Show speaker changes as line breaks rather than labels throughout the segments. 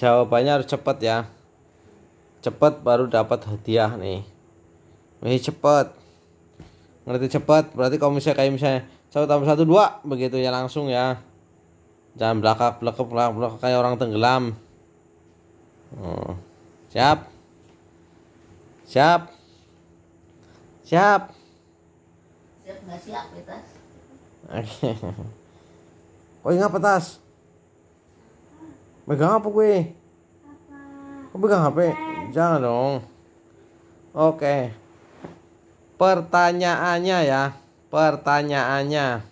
jawabannya harus cepat ya cepat baru dapat hadiah nih Wih cepat ngerti cepat berarti kalau misalnya kayak misalnya satu tambah satu dua begitu ya langsung ya jangan belakang belakang belakang, belakang kayak orang tenggelam oh. siap siap siap siap nggak siap petas oke oh ingat petas Megang apa gue? Apa? Kok pegang HP? Jangan dong. Oke. Pertanyaannya ya. Pertanyaannya.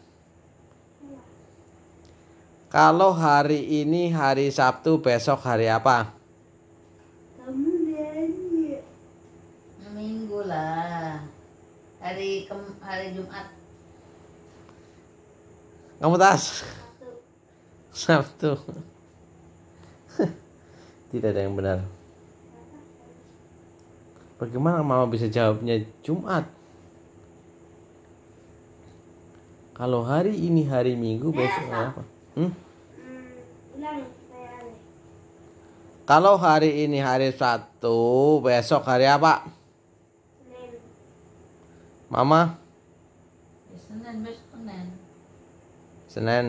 Kalau hari ini hari Sabtu, besok hari apa? Nah, minggu lah. Hari kem hari Jumat. Kamu tas? Sabtu. Sabtu. tidak ada yang benar bagaimana mama bisa jawabnya Jumat kalau hari ini hari Minggu iya, besok apa hmm? hmm kalau hari ini hari Sabtu besok hari apa Mama? Ya, Senin, Senin. Senin.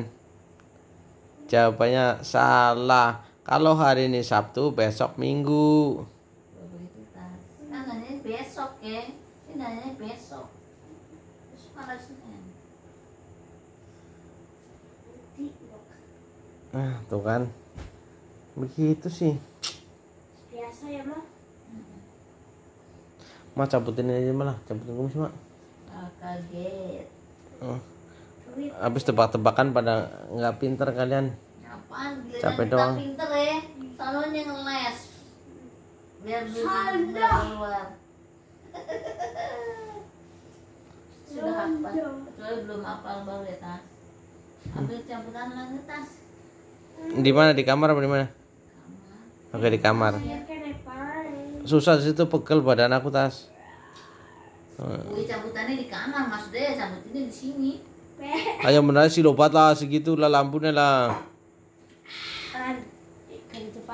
Jawabannya salah. Kalau hari ini Sabtu, besok Minggu.
Tanggalnya besok
ya. besok. Ah, tuh kan. Begitu sih. Biasa ya, Ma. Ma cabutin aja malah, cabutin kumis, Mak. Ah, kaget. Oh. Habis tebak-tebakan pada nggak pinter kalian. Apaan? capek Capek doang. Pinter ya. yang ngeles. Biar bisa keluar. Sudah apa? Kecuali belum apa baru ya tas. Ambil campuran lagi tas. Di mana? Di kamar apa di mana? Oke di kamar. Iya, Susah situ pegel badan aku tas. Wih cabutannya di kamar mas deh, cabut ini di sini. Ayo menarik si lopat lah segitu lah lampunya lah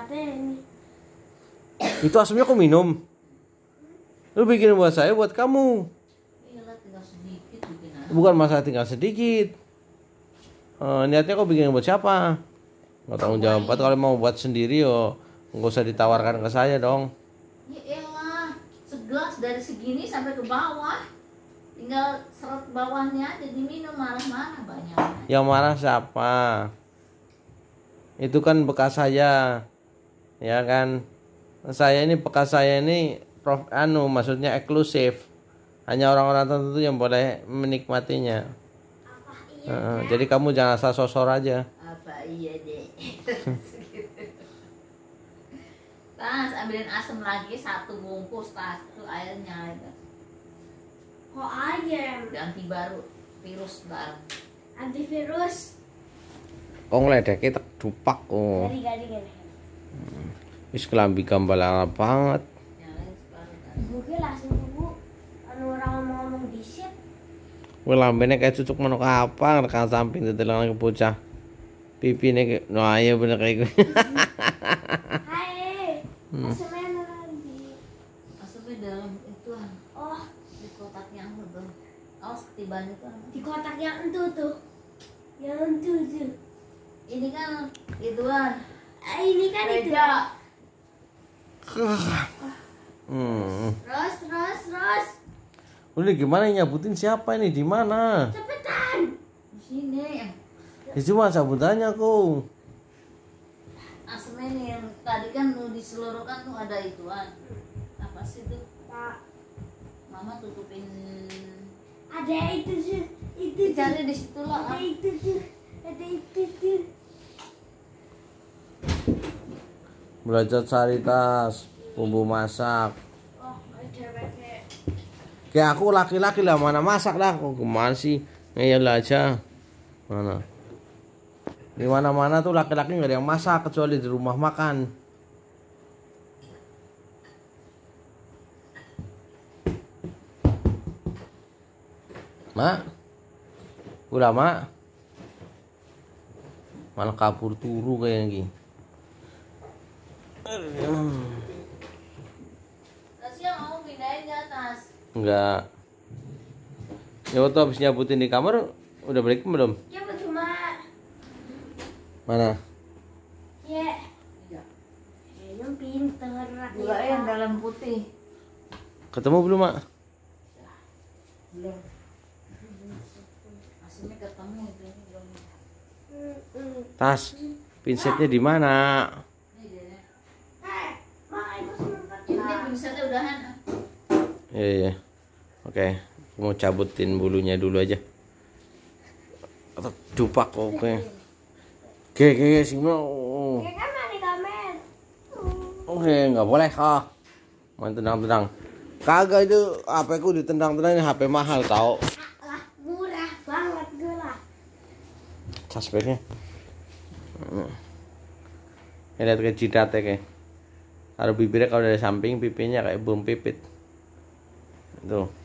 ini. itu asamnya aku minum lu bikin buat saya buat kamu iya bukan masalah tinggal sedikit uh, niatnya kok bikin buat siapa nggak tanggung jawab buat kalau mau buat sendiri yo nggak usah ditawarkan ke saya dong ya elah segelas dari segini sampai ke bawah tinggal serut bawahnya aja diminum marah-marah banyak yang marah siapa itu kan bekas saya ya kan saya ini bekas saya ini prof anu maksudnya eksklusif hanya orang-orang tertentu yang boleh menikmatinya iya, uh, nah? jadi kamu jangan asal sosor aja apa iya deh tas ambilin asam lagi satu bungkus tas itu airnya itu kok ayam ganti baru virus baru antivirus kok ngeledeknya tak dupak kok oh. gari gari gari Wis kelambi gambalan banget. Gue langsung bu, anu orang ngomong-ngomong disit. lambene kayak cucuk manuk apa rekan samping dedelan ke bocah. Pipine ke no ayo bener kayak gue. Hai. Hmm. dalam itu ah. oh di kotaknya aku tuh di kotak yang itu tuh yang itu tuh ini kan ituan ah. Eh, ini kan itu. Hmm. Ros, Ros, Ros. Udah gimana nyabutin siapa ini di mana? Cepetan. Di sini. Ya cuma sabutannya aku. Asmen yang tadi kan seluruh kan tuh ada ituan. Apa sih tuh? Pak. Mama tutupin. Ada itu sih. Itu cari di situ lah. Ada itu sih. Ada itu sih. belajar caritas bumbu masak Oke oh, aku laki-laki lah mana masak lah aku gimana sih ngeyel aja mana di mana mana tuh laki-laki nggak -laki ada yang masak kecuali di rumah makan mak udah mak malah kabur turu kayak gini Ya? Hmm. mau pindahin ke atas. Enggak. Ya waktu habis nyabutin di kamar udah balik belum? Ya cuma. Mana? Ya. Iya. Ya pinter. Gula iya, yang dalam putih. Ketemu belum, Mak? Belum. Aslinya ketemu itu belum. Tas, pinsetnya di mana? udahan iya iya oke mau cabutin bulunya dulu aja atau dupak oke okay. oke oke oke sih kan, oke nggak boleh ah main tendang tendang kagak itu HP ku ditendang tendang HP mahal tau lah murah banget gue lah caspeknya ini lihat ke jidatnya kayak Taruh bibirnya kalau dari samping pipinya kayak bom pipit tuh